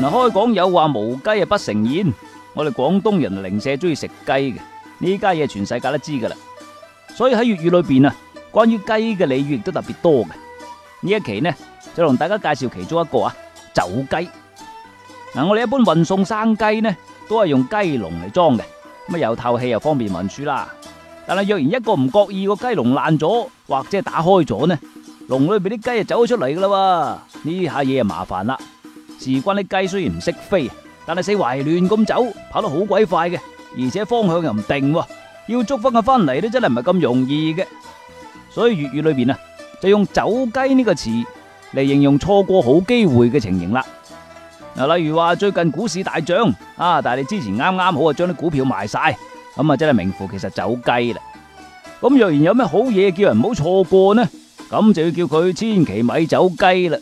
嗱，開講有話，無雞啊，不成宴。我哋廣東人零舍中意食雞嘅，呢家嘢全世界都知噶啦。所以喺粵語裏邊啊，關於雞嘅俚語亦都特別多嘅。呢一期呢，就同大家介紹其中一個啊，走雞。嗱，我哋一般運送生雞呢，都係用雞籠嚟裝嘅，咁又透氣又方便運輸啦。但係若然一個唔覺意個雞籠爛咗，或者係打開咗呢，籠裏邊啲雞就走咗出嚟噶啦，呢下嘢就麻煩啦。事關啲雞雖然唔識飛，但係四圍亂咁走，跑得好鬼快嘅，而且方向又唔定，要捉翻佢翻嚟都真係唔係咁容易嘅。所以粵語裏邊啊，就用走雞呢個詞嚟形容錯過好機會嘅情形啦。嗱，例如話最近股市大漲啊，但係你之前啱啱好將啲股票賣晒，咁啊真係名副其實走雞啦。咁若然有咩好嘢叫人唔好錯過呢？咁就要叫佢千祈咪走雞啦。